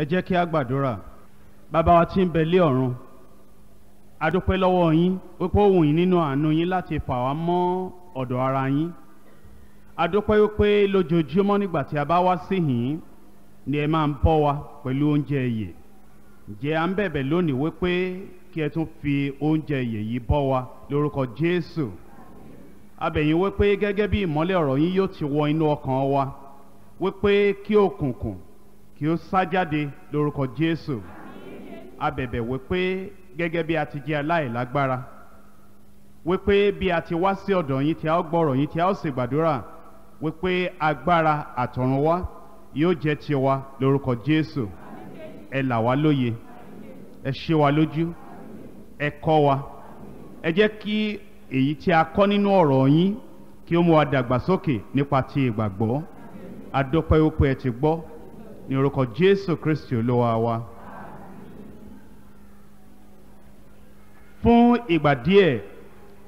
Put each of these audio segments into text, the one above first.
ẹ jẹ́ kí a gbàdúrà bàbá wa tí ń bẹ lé ọ̀run a dúpẹ́ lọ́wọ́ yín wípé ó wù yín nínú àánú yín láti fà wá mọ́ ọ̀dọ̀ ara yín a dúpẹ́ wípé lójoojúmọ́ nígbà tí a bá wá sí yín ni ẹ máa ń bọ́ wa pẹ̀lú oúnjẹ ìyè ǹjẹ́ à ń bẹ̀bẹ̀ lónìí wípé kí ẹ tún fi oúnjẹ ìyè yìí bọ́ wa lórúkọ Jésù a wípé gẹ́gẹ́ bí ìmọ́lẹ̀ ọ̀rọ̀ yín yóò ti wọ inú ọkàn wa wípé kí òkùnkùn kí ó sá jáde lórúkọ Jésù abẹ̀bẹ̀ wípé gẹ́gẹ́ bí a ti jẹ́ aláìlágbára wípé bí a ti wá sí ọ̀dọ̀ yín tí a ó gbọ́rọ̀ yín tí a ó sì gbàdúrà wípé agbára àtọ̀run wá yóò jẹ́ tiwa lórúkọ Jésù ẹ là wá lóye ẹ ṣe wa lójú ẹ kọ́ wa ẹ jẹ́ kí èyí tí a kọ́ nínú ọ̀rọ̀ yín kí ó mú wa dàgbàsókè nípa ti ìgbàgbọ́ adópẹ́ wípé ẹ ti gbọ́ ní orúkọ Jésù Kristi olúwa wa. fún ìgbà díẹ̀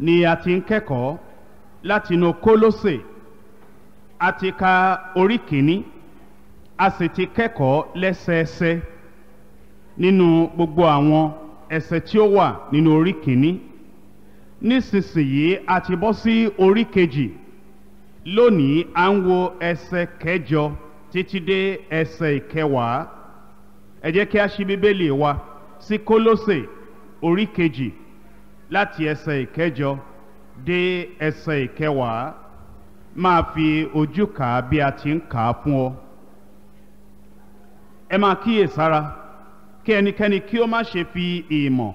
ni a ti ń kẹ́kọ̀ọ́ látinú Kólósè a ti ka orí kìíní a sì ti kẹ́kọ̀ọ́ lẹ́sẹẹsẹ nínú gbogbo àwọn ẹsẹ tí ó wà nínú orí kìíní nísinsìnyí a ti bọ́ sí orí kejì lónìí à ń wo ẹsẹ kẹjọ. E títí dé ẹsẹ̀ ìkẹwàá ẹ jẹ́ kí a ṣí bíbélì wa sí kólósè orí kejì láti ẹsẹ̀ ìkẹjọ dé ẹsẹ̀ ìkẹwàá máa fi ojú kà á bí a ti ń kà á fún ọ ẹ máa kíyèsára kí ẹnikẹ́ni kí ó má ṣe fi ìmọ̀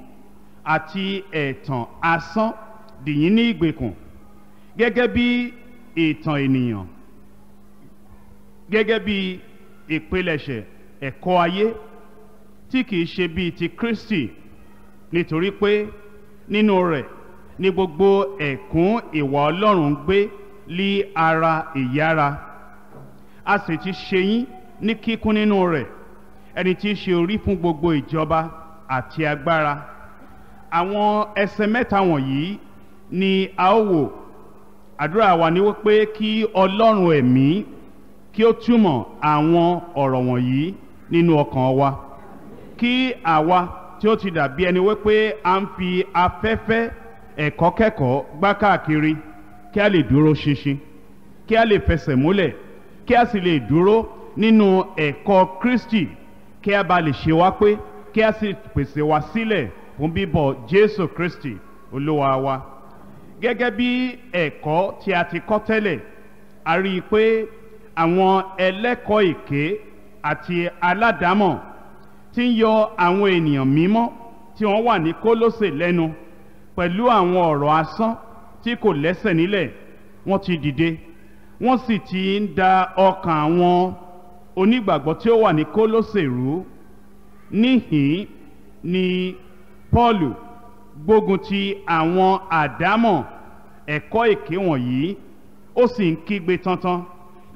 àti ẹ̀tàn asán dìyín ní ìgbèkùn gẹ́gẹ́ bí ìtàn ènìyàn gẹ́gẹ́ bí ìpilẹ̀ṣẹ̀ ẹ̀kọ́ ayé tí kìí ṣe bíi ti Kristi nítorí pé nínú rẹ̀ ni gbogbo ẹ̀kún ìwà Ọlọ́run gbé lí ara ìyára a sì ti ṣe yín ní kíkún nínú rẹ̀ ẹni tí í ṣe orí fún gbogbo ìjọba àti agbára àwọn ẹsẹ mẹ́ta wọ̀nyí ni a ó wò àdúrà wa ni wípé kí Ọlọ́run ẹ̀mí kí ó túmọ̀ àwọn ọ̀rọ̀ wọ̀nyí nínú ọkàn wa kí àwa tí ó ti dàbí ẹni wípé à ń fi afẹ́fẹ́ ẹ̀kọ́ kẹ́kọ̀ọ́ gbá káàkiri kí a lè dúró ṣinṣin kí a lè fẹsẹ̀ múlẹ̀ kí a sì lè dúró nínú ẹ̀kọ́ Kristi kí a bá lè ṣe wá pé kí a sì pèsè wá sílẹ̀ fún bíbọ̀ Jésù Kristi olúwa wa gẹ́gẹ́ bí ẹ̀kọ́ tí a ti kọ́ tẹ́lẹ̀ a rí i pé àwọn ẹlẹ́kọ̀ọ́ èké àti aládàámọ̀ tí ń yọ àwọn ènìyàn mímọ́ tí wọ́n wà ní Kólósè lẹ́nu pẹ̀lú àwọn ọ̀rọ̀ asán tí kò lẹ́sẹ̀ nílẹ̀ wọ́n ti dìde wọ́n sì ti ń da ọkàn àwọn onígbàgbọ́ tí ó wà ní Kólósè rú níhìn ni Pọ́ọ̀lù gbógun ti àwọn àdámọ̀ ẹ̀kọ́ èké wọ̀nyí ó sì ń kígbe tantan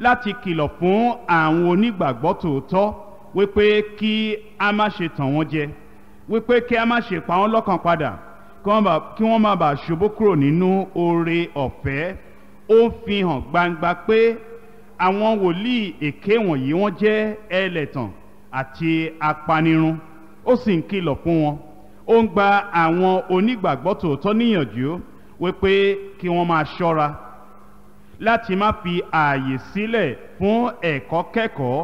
láti kìlọ̀ fún àwọn onígbàgbọ́ tòótọ́ wípé kí a má ṣe tàn wọ́n jẹ wípé kí a má ṣe pa wọ́n lọ́kàn padà kí wọ́n má bàa ṣubú kúrò nínú oore ọ̀fẹ́ ó ń fi hàn gbangba pé àwọn wòlíì èké wọ̀nyí wọ́n jẹ́ ẹlẹ́tàn àti apanirun ó sì ń kìlọ̀ fún wọn ó ń gba àwọn onígbàgbọ́ tòótọ́ níyànjú wípé kí wọ́n máa ṣọ́ra láti má fi ààyè sílẹ̀ fún ẹ̀kọ́ kẹ́kọ̀ọ́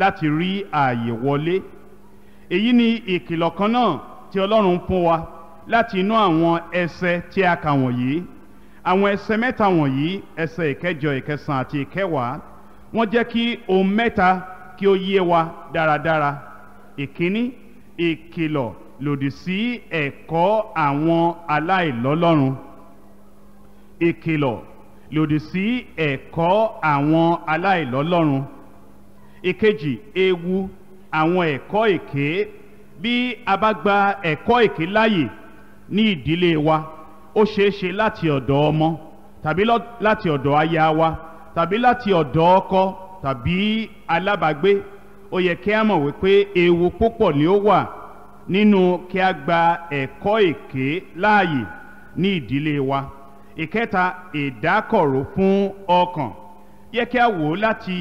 láti rí ààyè wọlé èyí ni ìkìlọ̀ kan náà tí Ọlọ́run fún wa láti inú àwọn ẹsẹ tí a kà wọ̀nyí àwọn ẹsẹ mẹ́ta wọ̀nyí ẹsẹ ìkẹjọ ìkẹsàn àti ìkẹwàá wọ́n jẹ́ kí ohun mẹ́ta kí ó yé wa dáradára ìkíní ìkìlọ̀ lòdì sí ẹ̀kọ́ àwọn aláìlọ́lọ́run ìkìlọ̀ lòdì sí ẹ̀kọ́ àwọn aláìlọ́lọ́run ìkejì ewu àwọn ẹ̀kọ́ èké bí a bá gba ẹ̀kọ́ èké láàyè ní ìdílé wa ó ṣeé ṣe láti ọ̀dọ̀ ọmọ tàbí láti ọ̀dọ̀ aya wa tàbí láti ọ̀dọ̀ ọkọ tàbí alábàágbé ó yẹ kí a mọ̀ wípé ewu púpọ̀ ni ó wà nínú kí a gba ẹ̀kọ́ èké láàyè ní ìdílé wa ìkẹta ìdákọ̀ró fún ọkàn yẹ kí a wò láti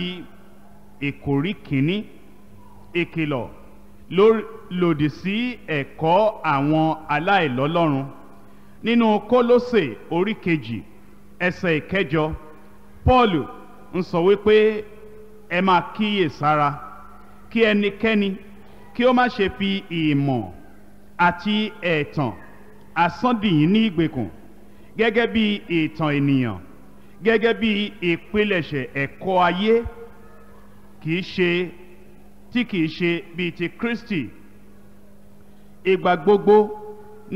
ìkórí kìíní ìkìlọ̀ lòdì sí ẹ̀kọ́ àwọn aláìlọ́lọ́run nínú kólósè orí kejì ẹsẹ̀ ìkẹjọ Paul ń sọ wípé ẹ máa kíyè sára kí ẹnikẹ́ni kí ó má ṣe fi ìmọ̀ àti ẹ̀tàn asán ní ìgbèkùn gẹ́gẹ́ bí ìtàn ènìyàn gẹ́gẹ́ bí ìpilẹ̀ṣẹ̀ ẹ̀kọ́ ayé kìí ṣe tí kìí ṣe bíi ti Kristi ìgbà gbogbo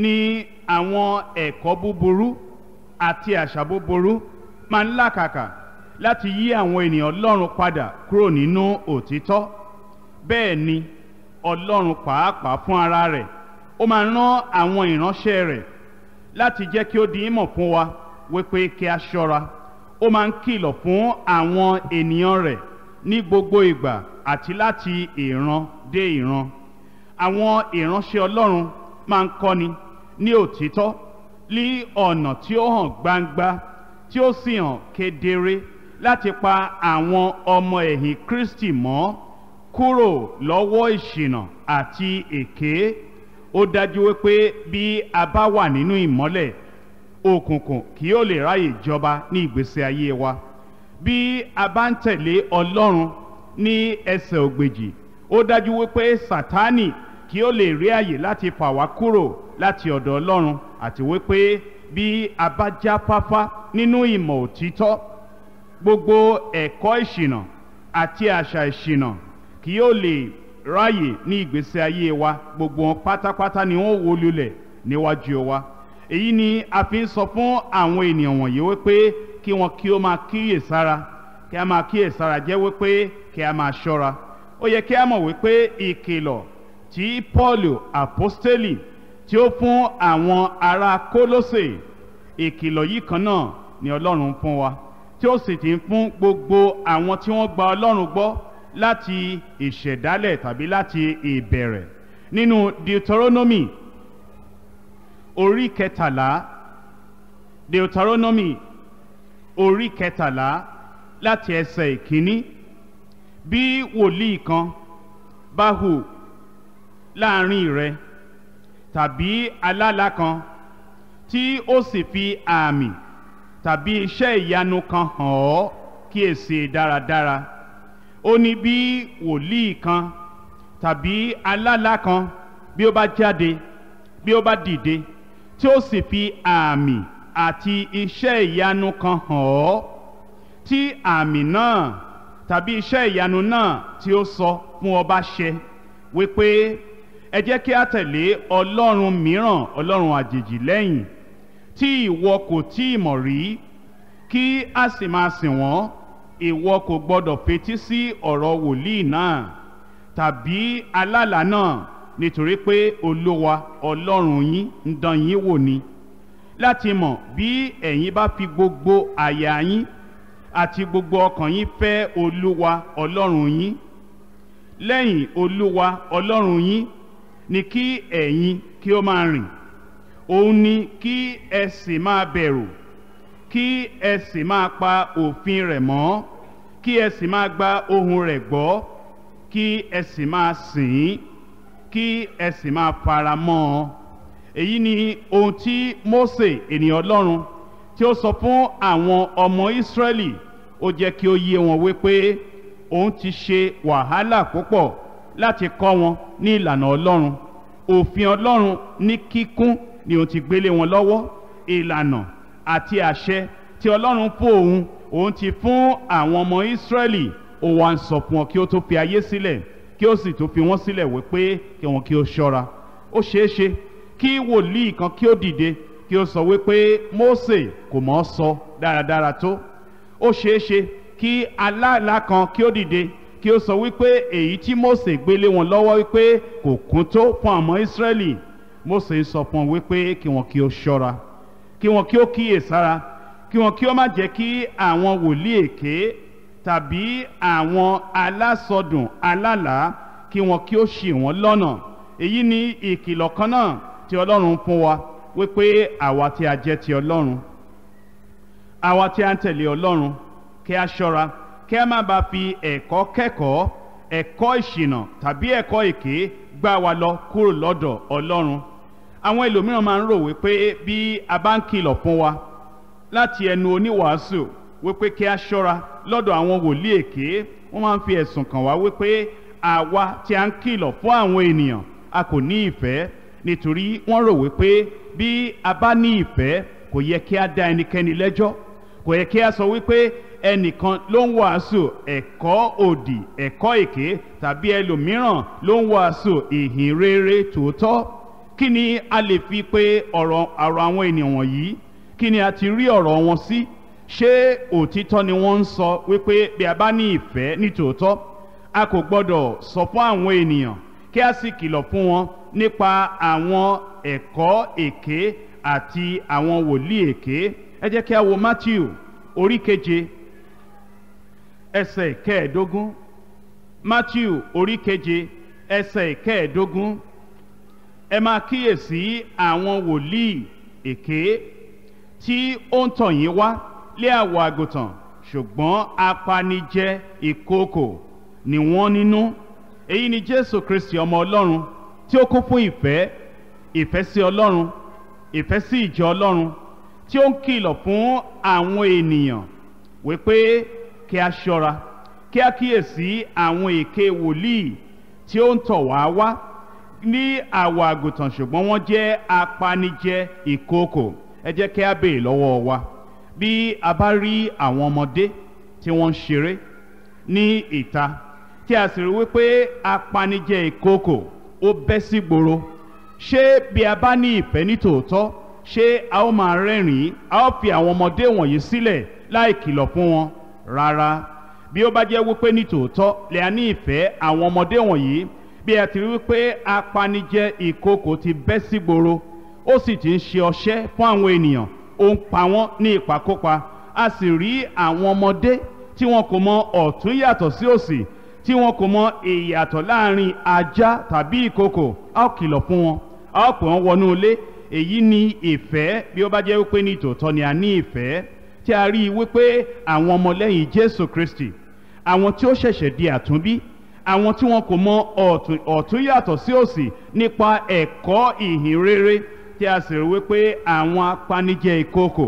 ni àwọn ẹ̀kọ́ búburú àti àṣà búburú máa ń làkàkà láti yí àwọn ènìyàn Ọlọ́run padà kúrò nínú òtítọ́ bẹ́ẹ̀ ni Ọlọ́run pàápàá fún ara rẹ̀ ó máa rán àwọn ìránṣẹ́ rẹ̀ láti jẹ́ kí ó di ìmọ̀ fún wa wípé kí a ṣọ́ra ó máa ń kìlọ̀ fún àwọn ènìyàn rẹ̀ ní gbogbo ìgbà àti láti ìran dé ìran àwọn ìránṣẹ́ Ọlọ́run máa ń kọ́ni ní òtítọ́ ní ọ̀nà tí ó hàn gbangba tí ó sì hàn kedere láti pa àwọn ọmọ ẹ̀yìn Kristi mọ́ kúrò lọ́wọ́ ìṣìnà àti èké ó dájú wípé bí a bá wà nínú ìmọ́lẹ̀ òkùnkùn kì yóò lè ráyè jọba ní ìgbésí ayé wa bí a bá ń tẹ̀lé ọlọ́run ní ẹsẹ̀ ògbèjì ó dájú wípé sátánì kì yóò lè rí àyè láti fà wá kúrò láti ọ̀dọ̀ ọlọ́run àti wípé bí a bá jáfáfá nínú ìmọ̀ òtítọ́ gbogbo ẹ̀kọ́ ìṣìnà àti àṣà ìṣìnà kì yóò lè ráàyè ní ìgbésí ayé wa gbogbo wọn pátápátá ni wọ́n wó lulẹ̀ níwájú wa èyí ni a fi ń sọ fún àwọn ènìyàn wọ̀nyí wípé kí wọn kí ó máa kíyèsára kí a máa kíyèsára jẹ́ wípé kí a máa ṣọ́ra ó yẹ kí a mọ̀ wípé ìkìlọ̀ tí Pọ́ọ̀lù àpọ́stélì tí ó fún àwọn ará Kólósè ìkìlọ̀ yìí kan náà ni Ọlọ́run fún wa tí ó sì ti ń fún gbogbo àwọn tí wọ́n gba Ọlọ́run gbọ́ láti ìṣẹ̀dálẹ̀ tàbí láti ìbẹ̀rẹ̀ nínú Deuteronomy orí kẹtàlá Deuteronomy orí kẹtàlá láti ẹsẹ̀ ìkíní bí wòlíì kan bá hù láàrin rẹ tàbí alála kan tí ó sì fi àmì tàbí iṣẹ́ ìyanu kan hàn ọ́ kíyèsí dáradára. Dára ó ní bí wòlíì kan tàbí alálá kan bí ó bá jáde bí ó bá dìde tí ó sì fi àmì àti iṣẹ́ ìyanu kan hàn ọ́ tí àmì náà tàbí iṣẹ́ ìyanu náà tí ó sọ fún ọ bá ṣẹ wípé ẹ jẹ́ kí a tẹ̀lé ọlọ́run mìíràn ọlọ́run àjèjì lẹ́yìn tí ìwọ kò tí ì mọ̀ rí kí a sì máa sìn wọ́n ìwọ kò gbọdọ̀ fetí sí ọ̀rọ̀ wòlíì náà tàbí alálàá náà nítorí pé olówa ọlọ́run yín ń dán yín wò ni láti mọ̀ bí ẹ̀yin bá fi gbogbo àyà yín àti gbogbo ọkàn yín fẹ́ olúwa ọlọ́run yín lẹ́yìn olúwa ọlọ́run yín ni kí ẹ̀yin kí ó máa rìn òun ni kí ẹ sì máa bẹ̀rù kí ẹ sì máa pa òfin rẹ̀ mọ́ kí ẹ sì máa gba ohùn rẹ̀ gbọ́ kí ẹ sì máa sìn ín kí ẹ sì máa fara mọ́ ọ èyí ni ohun tí Mósè ènìyàn Ọlọ́run tí ó sọ fún àwọn ọmọ Ísírẹ́lì ó jẹ́ kí ó yé wọn wípé òun ti ṣe wàhálà púpọ̀ láti kọ́ wọn ní ìlànà Ọlọ́run òfin Ọlọ́run ní kíkún ni òun ti gbélé wọn lọ́wọ́ ìlànà àti àṣẹ tí ọlọ́run pò òun òun ti fún àwọn ọmọ ìsírẹ́lì ó wá ń sọ fún ọ kí ó tó fi ayé sílẹ̀ kí ó sì tó fi wọ́n sílẹ̀ wípé kí wọn kí ó ṣọ́ra ó ṣeé ṣe kí wòlíì kan kí ó dìde kí ó sọ wípé Mósè kò mọ̀ ọ́ sọ dáradára tó ó ṣeé ṣe kí aláàlá kan kí ó dìde kí ó sọ wípé èyí tí Mósè gbélé wọn lọ́wọ́ wípé kò kún tó fún àmọ́ Ísírẹ́lì Mósè sọ fún wípé kí wọn kí ó ṣọ́ra kí wọn kí ó kíyè sára kí wọn kí ó má jẹ́ kí àwọn wòlíì èké tàbí àwọn alásọdùn alálàá kí wọn kí ó ṣì wọ́n lọ́nà èyí ni ìkìlọ̀ kan náà tí ọlọ́run fún wa wípé àwa tí a jẹ́ ti ọlọ́run àwa tí a ń tẹ̀lé ọlọ́run kí a ṣọ́ra kí a má ba fi ẹ̀kọ́ kẹ́kọ̀ọ́ ẹ̀kọ́ ìṣìnà tàbí ẹ̀kọ́ èké gbá wa lọ kúrò lọ́dọ̀ ọlọ́run àwọn ẹlòmíràn máa ń rò wípé bí a bá ń kìlọ̀ fún wa láti ẹnu oníwàásù wípé kí a ṣọ́ra lọ́dọ̀ àwọn wòlíì èké wọ́n máa ń fi ẹ̀sùn kàn wá wípé àwa tí a ń kìlọ̀ fún àwọn ènìyàn a kò ní ìfẹ́ nítorí wọ́n rò wípé bí a bá ní ìfẹ́ kò yẹ kí a dá ẹnikẹ́ni lẹ́jọ́ kò yẹ kí a sọ wípé ẹnìkan ló ń wàásù ẹ̀kọ́ òdì ẹ̀kọ́ èké tàbí ẹlòmíràn ló ń wàásù ìhìn rere tòótọ́ kí ni a lè fi pé ọ̀rọ̀ ọ̀rọ̀ àwọn ènìyàn wọ̀nyí kí ni a ti rí ọ̀rọ̀ wọn sí ṣé òtítọ́ ni wọ́n ń sọ wípé bí a bá ní ìfẹ́ nítòótọ́ a kò gbọ́dọ̀ sọ fún àwọn ènìyàn kí a sì kìlọ̀ fún wọn nípa àwọn ẹ̀kọ́ èké àti àwọn wòlíì èké ẹ jẹ́ kí a wo Matthew orí keje ẹsẹ̀ kẹẹ̀ẹ́dógún Matthew orí keje ẹsẹ̀ kẹẹ̀ẹ́dógún ẹ máa kíyèsí àwọn wòlíì èké tí ó ń tàn yín wá lé àwọ̀ àgùntàn ṣùgbọ́n apanijẹ ìkookò ni wọ́n nínú èyí ni jésù kristi ọmọ ọlọ́run tí ó kún fún ìfẹ́ ìfẹ́ sí ọlọ́run ìfẹ́ sí ìjọ ọlọ́run tí ó ń kìlọ̀ fún àwọn ènìyàn wípé kí a ṣọ́ra kí a kíyèsí àwọn èké wòlíì tí ó ń tọ̀ wá wá ní àwọ̀ àgùntàn ṣùgbọ́n wọ́n jẹ́ apanijẹ ìkookò ẹ jẹ́ kí a béè lọ́wọ́ wa bí a bá rí àwọn ọmọdé tí wọ́n ń ṣeré ní ìta tí a sì rí wípé apanijẹ ìkookò ó bẹ́ sí gbòòrò ṣé bí a bá ní ìfẹ́ ní tòótọ́ ṣé a ó máa rẹ́rìn-ín a ó fi àwọn ọmọdé wọ̀nyí sílẹ̀ láì kìlọ̀ fún wọn rárá bí ó bá jẹ́ wípé ní tòótọ́ lè a ní ìfẹ́ àwọn ọmọdé wọ̀nyí bí ẹ ti rí wípé apanijẹ ìkookò ti bẹ́ sígboro ó sì ti ń ṣe ọṣẹ́ fún àwọn ènìyàn ó ń pa wọ́n ní ìpakópa a sì rí àwọn ọmọdé tí wọn kò mọ ọ̀tún yàtọ̀ sí òsì tí wọn kò mọ ìyàtọ̀ láàrin ajá tàbí ìkookò a ó kìlọ̀ fún wọn a ó pè wọ́n wọnú ilé èyí ni ìfẹ́ bí ó bá jẹ́ wípé ní tòótọ́ ni a ní ìfẹ́ tí a rí i wípé àwọn ọmọlẹ́yìn Jésù Kristi àwọn tí ó ṣẹ̀ṣẹ̀ di àtúnbí àwọn tí wọn kò mọ ọ̀tún yàtọ̀ sí òsì nípa ẹ̀kọ́ ìhìn rere tí a sì rí wípé àwọn apanijẹ ìkòkò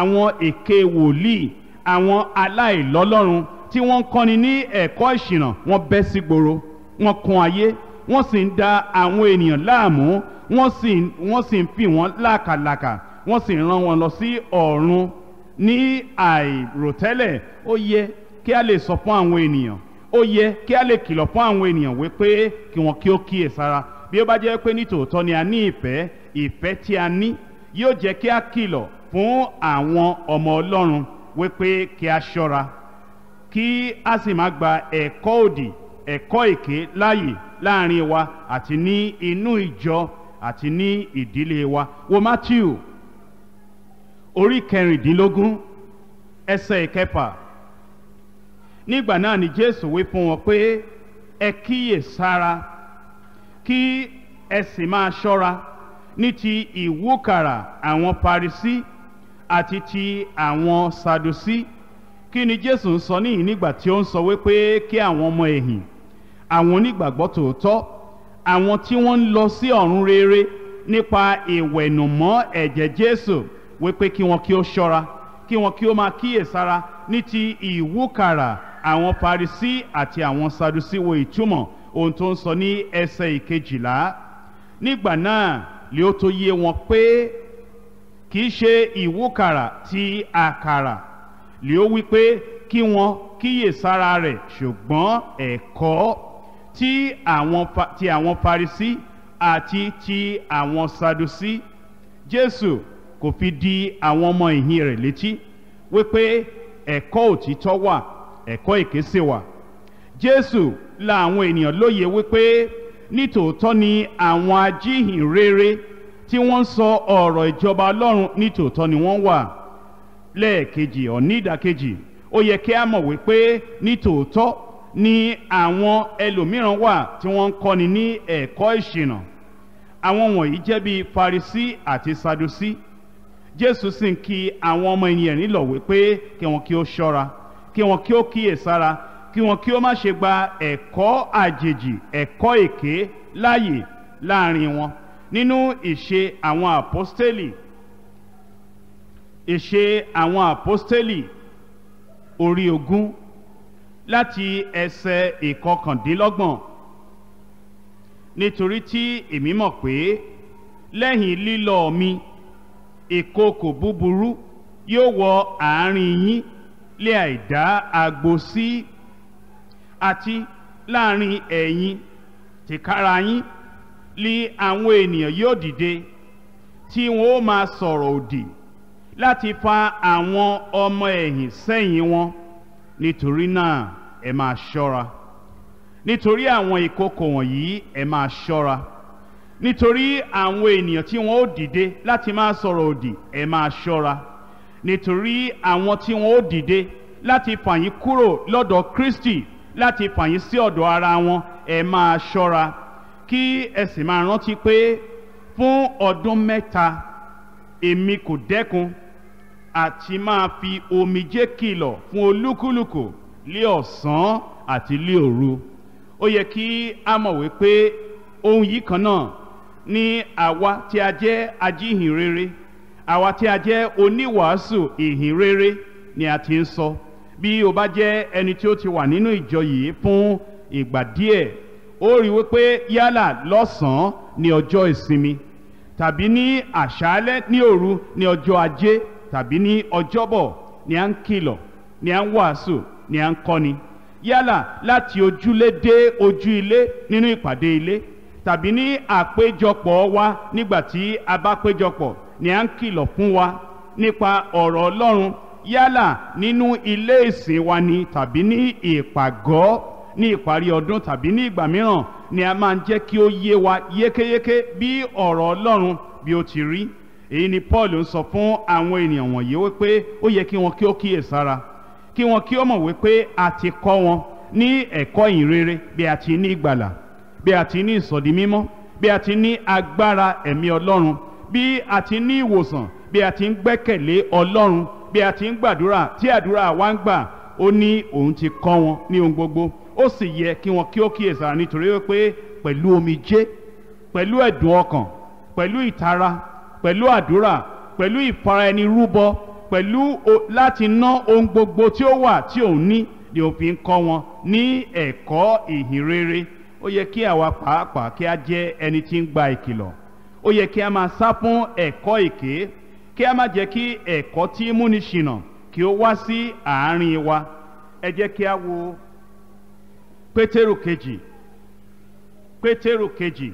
àwọn èké wòlíì àwọn aláìlọ́lọ́run tí wọ́n ń kọ́ni ní ẹ̀kọ́ ìṣìnà wọ́n bẹ́ sí gboro wọ́n kún ayé wọ́n sì ń da àwọn ènìyàn láàmú wọ́n sì ń fi wọ́n lákàlàkà wọ́n sì ń rán wọn lọ sí ọ̀run ní àìròtẹ́lẹ̀ ó yẹ kí a lè sọ fún àwọn ènìyàn ó yẹ kí a lè kìlọ̀ fún àwọn ènìyàn wípé kí wọn kí ó kíyè sára bí ó bá jẹ́ pé nítòótọ́ ni a ní ìfẹ́ ìfẹ́ tí a ní yóò jẹ́ kí a kìlọ̀ fún àwọn ọmọ Ọlọ́run wípé kí a ṣọ́ra kí a sì má gba ẹ̀kọ́ òdì ẹ̀kọ́ èké láàyè láàrin wa àti ní inú ìjọ àti ní ìdílé wa wo Matthew orí kẹrìndínlógún ẹsẹ̀ ìkẹfà nígbà náà ni jésù wí fún wọn pé ẹ kíyè sára kí ẹ sì máa ṣọ́ra ní ti ìwúkàrà àwọn parisí àti ti àwọn sadusí kí ni jésù ń sọ níyìn nígbà tí ó ń sọ wípé kí àwọn ọmọ ẹ̀yìn àwọn onígbàgbọ́ tòótọ́ àwọn tí wọ́n ń lọ sí ọ̀run rere nípa ìwẹ̀nùmọ́ ẹ̀jẹ̀ jésù wípé kí wọn kí ó ṣọ́ra kí wọn kí ó máa kíyèsára ní ti ìwúkàrà àwọn Farisi àti àwọn Sadusi wo ìtumọ̀ ohun tó ń sọ ní ẹsẹ̀ ìkejìlá nígbà náà lè ó tó yé wọn pé kì í ṣe ìwúkàrà ti àkàrà lè ó wí pé kí wọn kíyè sára rẹ̀ ṣùgbọ́n ẹ̀kọ́ tí àwọn Farisi àti ti àwọn Sadusi Jésù kò fi di àwọn ọmọ ìhìn rẹ̀ létí wípé ẹ̀kọ́ òtítọ́ wà ẹ̀kọ́ èké sì wà jésù la àwọn ènìyàn lóye wípé nítòótọ́ ni àwọn ajíhìnrere tí wọ́n ń sọ ọ̀rọ̀ ìjọba ọlọ́run nítòótọ́ ni wọ́n wà lẹ́ẹ̀kejì ọ̀ní ìdàkejì ó yẹ kí a mọ̀ wípé nítòótọ́ ni àwọn ẹlòmíràn wà tí wọ́n ń kọ́ni ní ẹ̀kọ́ ìṣìnà àwọn wọ̀nyí jẹ́ bíi Farisí àti Sadusí Jésù sì ń kí àwọn ọmọ ènìyàn nílọ̀ wípé kí wọn kí ó ṣọ́ra kí wọn kí ó kíyè sára kí wọn kí ó má ṣe gba ẹ̀kọ́ àjèjì ẹ̀kọ́ èké láàyè láàrin wọn nínú ìṣe àwọn àpọ́stélì ìṣe àwọn àpọ́stélì orí ogún láti ẹsẹ̀ ìkọkàndínlọ́gbọ̀n nítorí tí èmi mọ̀ pé lẹ́yìn lílọ mi ìkookò búburú yóò wọ àárín yín lé àìdá àgbo sí àti láàrin ẹ̀yin tìkára yín lé àwọn ènìyàn yóò dìde tí wọn ó máa sọ̀rọ̀ òdì láti fa àwọn ọmọ ẹ̀yìn sẹ́yìn wọn nítorí náà ẹ máa ṣọ́ra nítorí àwọn ìkókò wọ̀nyí ẹ máa ṣọ́ra nítorí àwọn ènìyàn tí wọn ó dìde láti máa sọ̀rọ̀ òdì ẹ máa ṣọ́ra nítorí àwọn tí wọn ó dìde láti fà yín kúrò lọ́dọ̀ Kristi láti fà yín sí ọ̀dọ̀ ara wọn ẹ máa ṣọ́ra kí ẹ sì máa rántí pé fún ọdún mẹ́ta èmi kò dẹ́kun àti máa fi omijé kìlọ̀ fún olúkúlùkù lé ọ̀sán àti lé òru ó yẹ kí a mọ̀ wípé ohun yìí kan náà ni àwa tí a jẹ́ ajíhìn rere àwa tí a jẹ́ oníwàásù ìhìn ni a ti ń sọ bí o bá jẹ́ ẹni tí ó ti wà nínú ìjọ yìí fún ìgbà díẹ̀ ó rí wípé yálà lọ́sàn-án ní ọjọ́ ìsinmi tàbí ní àṣálẹ́ ní òru ní ọjọ́ ajé tàbí ní ọjọ́bọ̀ ni à ń kìlọ̀ ni à ń wàásù ni à ń kọ́ni yálà láti ojúlé dé ojú ilé nínú ìpàdé ilé tàbí ní àpéjọpọ̀ wa nígbà tí a bá péjọpọ̀ ni à ń kìlọ̀ fún wa nípa ọ̀rọ̀ ọlọ́run yálà nínú ilé ìsìn wa ni tàbí ní ìpàgọ́ ní ìparí ọdún tàbí ní ìgbà mìíràn ni a máa ń jẹ́ kí ó yé wa yékéyéké bí ọ̀rọ̀ ọlọ́run bí ó ti rí èyí ni Paul ń sọ fún àwọn ènìyàn wọ̀nyí wípé ó yẹ kí wọn kí ó kíyè sára kí wọn kí ó mọ̀ wípé a ti kọ́ wọn ní ẹ̀kọ́ ìrere bí a ti ní ìgbàlà bí a ti ní ìsọ̀dí mímọ́ bí a ti ní agbára ẹ̀mí ọlọ́run bí a ti ní ìwòsàn bí a ti ń gbẹ́kẹ̀lé ọlọ́run bí a ti ń gbàdúrà tí àdúrà wa ń gbà ó ní òun ti kọ́ wọn ní ohun gbogbo ó sì yẹ kí wọn kí ó kíyèsára nítorí wípé pẹ̀lú omijé pẹ̀lú ẹ̀dùn ọkàn pẹ̀lú ìtara pẹ̀lú àdúrà pẹ̀lú ìfara pẹ̀lú láti ná ohun gbogbo tí ó wà tí òun ní ni òun fi ń kọ́ wọn ní ẹ̀kọ́ ìhìnrere ó yẹ kí àwa pàápàá kí a jẹ́ ẹni tí ń gba ìkìlọ̀ ó yẹ kí a máa sá fún ẹ̀kọ́ èké kí a má jẹ́ kí ẹ̀kọ́ tí múni ṣìnà kí ó wá sí àárín wa ẹ jẹ́ kí a wo pétérù kejì pétérù kejì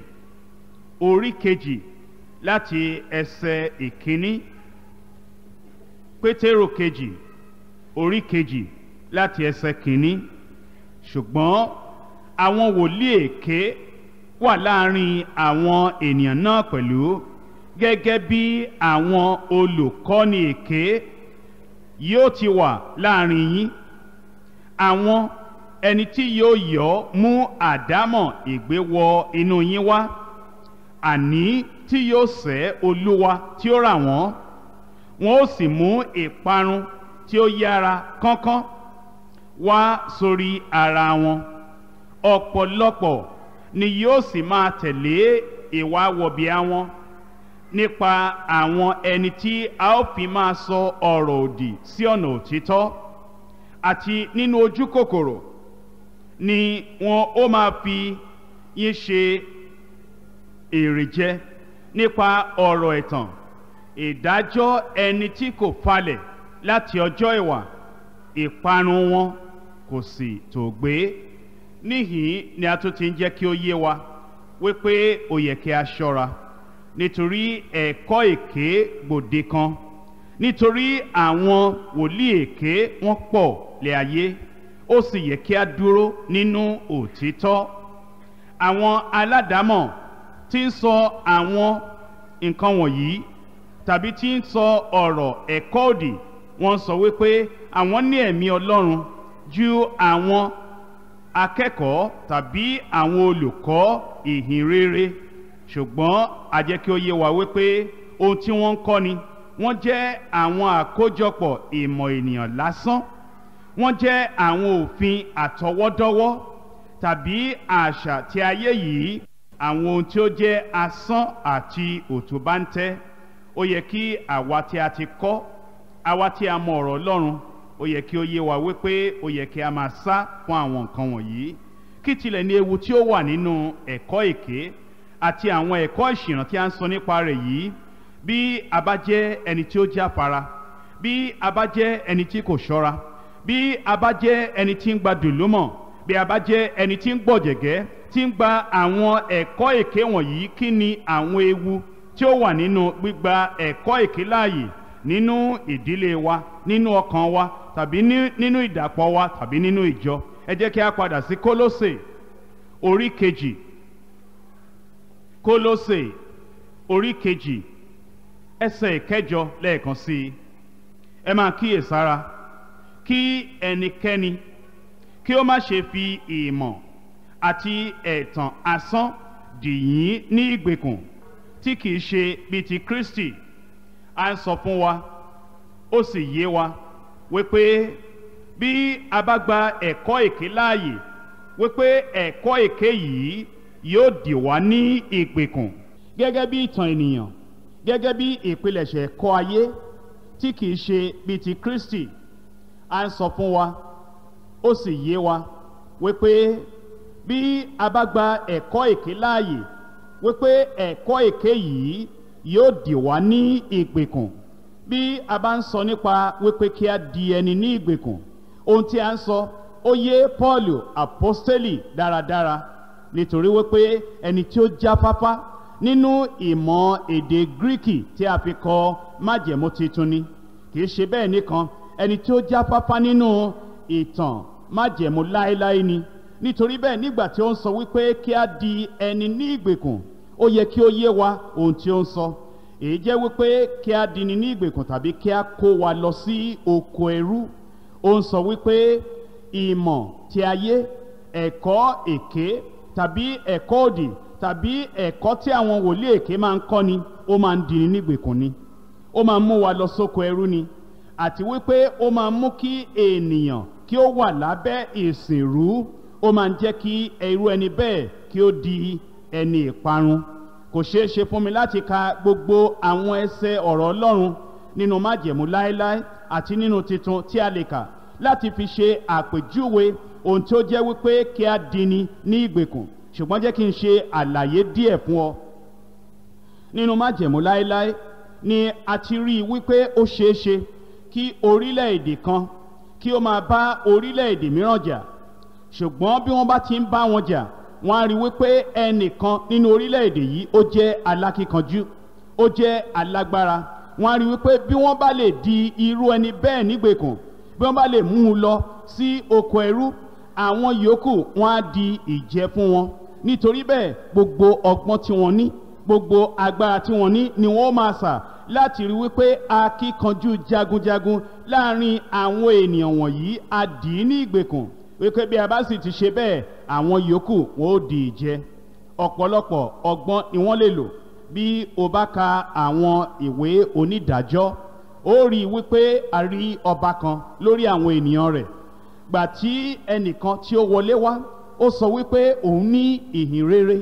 orí kejì láti ẹsẹ̀ ìkíní pétérù kejì orí kejì láti ẹsẹ̀ kìíní ṣùgbọ́n àwọn wòlíì èké wà láàrin àwọn ènìyàn náà pẹ̀lú gẹ́gẹ́ bí àwọn olùkọ́ni èké yóò ti wà láàrin yín àwọn ẹni tí yóò yọ mú àdámọ̀ ègbé wọ inú yín wá àní tí yóò sẹ́ olúwa tí ó rà wọ́n wọn ó sì mú ìparun tí ó yára kánkán wá sórí ara wọn ọ̀pọ̀lọpọ̀ ni yóò sì máa tẹ̀lé ìwà wọ̀bìà wọn nípa àwọn ẹni tí a ó fi máa sọ ọ̀rọ̀ òdì sí ọ̀nà òtítọ́ àti nínú ojú kòkòrò ni wọn ó máa fi yín ṣe èrè jẹ nípa ọ̀rọ̀ ẹ̀tàn ìdájọ́ ẹni tí kò falẹ̀ láti ọjọ́ ìwà ìparun wọn kò sì tó gbé níhìn ni a tún ti ń jẹ́ kí ó yé wa wípé ó yẹ kí a ṣọ́ra nítorí ẹ̀kọ́ èké gbòde kan nítorí àwọn wòlíì èké wọ́n pọ̀ lé ayé ó sì yẹ kí a dúró nínú òtítọ́ àwọn aládàámọ̀ tí ń sọ àwọn nǹkan wọ̀nyí tàbí tí ń sọ ọ̀rọ̀ ẹ̀kọ́ òdì wọ́n sọ wípé àwọn ní ẹ̀mí Ọlọ́run ju àwọn akẹ́kọ̀ọ́ tàbí àwọn olùkọ́ ìhìn rere ṣùgbọ́n a jẹ́ kí ó yé wa wípé ohun tí wọ́n ń kọ́ ni wọ́n jẹ́ àwọn àkójọpọ̀ ìmọ̀ ènìyàn lásán wọ́n jẹ́ àwọn òfin àtọwọ́dọ́wọ́ tàbí àṣà tí ayé yìí àwọn ohun tí ó jẹ́ asán àti òtúbáńtẹ́ ó yẹ kí àwa tí a ti kọ́ àwa tí a mọ ọ̀rọ̀ Ọlọ́run ó yẹ kí ó yé wa wípé ó yẹ kí a máa sá fún àwọn nǹkan wọ̀nyí kí tilẹ̀ ní ewu tí ó wà nínú ẹ̀kọ́ èké àti àwọn ẹ̀kọ́ ìṣìnà tí a ń sọ nípa rẹ̀ yìí bí a bá jẹ́ ẹni tí ó jáfara bí a bá jẹ́ ẹni tí kò ṣọ́ra bí a bá jẹ́ ẹni tí ń gba dùlúmọ̀ bí a bá jẹ́ ẹni tí ń gbọ̀jẹ̀gẹ́ tí ń gba àwọn ẹ̀kọ́ èké wọ̀nyí kí ni àwọn ewu tí ó wà nínú gbígba ẹ̀kọ́ èké láàyè nínú ìdílé wa nínú ọkàn wa tàbí nínú ìdàpọ̀ wa tàbí nínú ìjọ ẹ jẹ́ kí a padà sí kólósè orí kejì kólósè orí kejì ẹsẹ̀ ìkẹjọ lẹ́ẹ̀kan sí i ẹ máa kíyèsára kí ẹnikẹ́ni kí ó má ṣe fi ìmọ̀ àti ẹ̀tàn asán dì yín ní ìgbèkùn tí kìí ṣe bíi ti Kristi à sọ fún wa ó sì yé wa wípé bí a bá gba ẹ̀kọ́ èké láàyè wípé ẹ̀kọ́ èké yìí yóò dì wá ní ìpèkùn gẹ́gẹ́ bí ìtàn ènìyàn gẹ́gẹ́ bí ìpilẹ̀ṣẹ̀ ẹ̀kọ́ ayé tí kìí ṣe bíi ti Kristi à ń sọ fún wa ó sì yé wa wípé bí a bá gba ẹ̀kọ́ èké láàyè wípé ẹ̀kọ́ èké yìí yóò dì wá ní ìpèkùn bí a bá ń sọ nípa wípé kí a di ẹni ní ìgbèkùn ohun tí a ń sọ ó yé Pọ́ọ̀lù àpọ́stélì dáradára nítorí wípé ẹni tí ó jáfáfá nínú ìmọ̀ èdè gíríkì tí a fi kọ májẹ̀mú titun ni kì í ṣe bẹ́ẹ̀ nìkan ẹni tí ó jáfáfá nínú ìtàn májẹ̀mú láéláé ni nítorí bẹ́ẹ̀ nígbà tí ó ń sọ wípé kí a di ẹni ní ìgbèkùn ó yẹ kí ó yé wa ohun tí ó ń sọ. So èyí jẹ́ wípé kí a dini ní ìgbèkùn tàbí kí a kó wa lọ sí oko ẹrú ó ń sọ wípé ìmọ̀ ti ayé ẹ̀kọ́ èké tàbí ẹ̀kọ́ òdì tàbí ẹ̀kọ́ tí àwọn wòlíì èké máa ń kọ́ni ó máa ń dini ní ìgbèkùn ni ó máa ń mú wa lọ sóko ẹrú ni àti wípé ó máa ń mú kí ènìyàn kí ó wà lábẹ́ ìsìnrú ó máa ń jẹ́ kí irú ẹni bẹ́ẹ̀ kí ó di ẹni ìparun kò ṣeé ṣe fún mi láti ka gbogbo àwọn ẹsẹ̀ ọ̀rọ̀ ọlọ́run nínú májẹ̀mú láéláé àti nínú titun tí a lè kà láti fi ṣe àpèjúwe ohun tí ó jẹ́ wípé kí a dini ní ìgbèkùn ṣùgbọ́n jẹ́ kí n ṣe àlàyé díẹ̀ fún ọ nínú májẹ̀mú láéláé ni a ti rí i wípé ó ṣeé ṣe kí orílẹ̀-èdè kan kí ó máa bá orílẹ̀-èdè mìíràn jà ṣùgbọ́n bí wọ́n bá ti ń bá wọn jà wọ́n á rí wípé ẹnìkan nínú orílẹ̀-èdè yìí ó jẹ́ alákíkanjú ó jẹ́ alágbára wọ́n á rí wípé bí wọ́n bá lè di irú ẹni bẹ́ẹ̀ nígbèkùn bí wọ́n bá lè mú un lọ sí oko ẹrú àwọn yòókù wọ́n á di ìjẹ fún wọn nítorí bẹ́ẹ̀ gbogbo ọgbọ́n tí wọ́n ní gbogbo agbára tí wọ́n ní ni wọ́n máa sà láti rí wípé akíkanjú jagunjagun láàrin àwọn ènìyàn wọ̀nyí á dì í ní ìgbèkùn wípé bí a bá sì ti ṣe bẹ́ẹ̀ àwọn yòókù wọn ó di ìjẹ ọ̀pọ̀lọpọ̀ ọgbọ́n ni wọ́n lè lò bí o bá ka àwọn ìwé onídàájọ́ ó rí i wípé a rí ọba kan lórí àwọn ènìyàn rẹ̀ gbà tí ẹnìkan tí ó wọlé wá ó sọ wípé òun ní ìhìn rere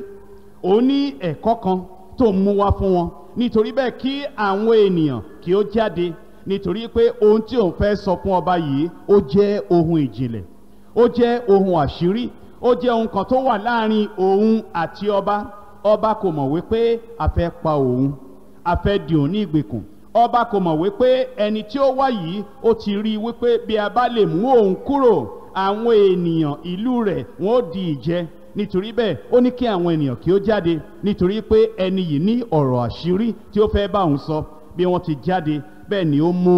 òun ní ẹ̀kọ́ kan tó ń mú wá fún wọn nítorí bẹ́ẹ̀ kí àwọn ènìyàn kí ó jáde nítorí pé ohun tí òun fẹ́ sọ fún ọba yìí ó jẹ́ ohun ìjìnlẹ̀ ó jẹ́ ohun àṣírí ó jẹ́ ohun kan tó wà láàrin òun àti ọba ọba kò mọ̀ wípé a fẹ́ pa òun a fẹ́ dì òun ní ìgbèkùn ọba kò mọ̀ wípé ẹni tí ó wá yìí ó ti rí i wípé bí a bá lè mú òun kúrò àwọn ènìyàn ìlú rẹ̀ wọ́n di ìjẹ nítorí bẹ́ẹ̀ ó ní kí àwọn ènìyàn kí ó jáde nítorí pé ẹni yìí ní ọ̀rọ̀ àṣírí tí ó fẹ́ bá òun sọ bí wọ́n ti jáde bẹ́ẹ̀ ni ó mú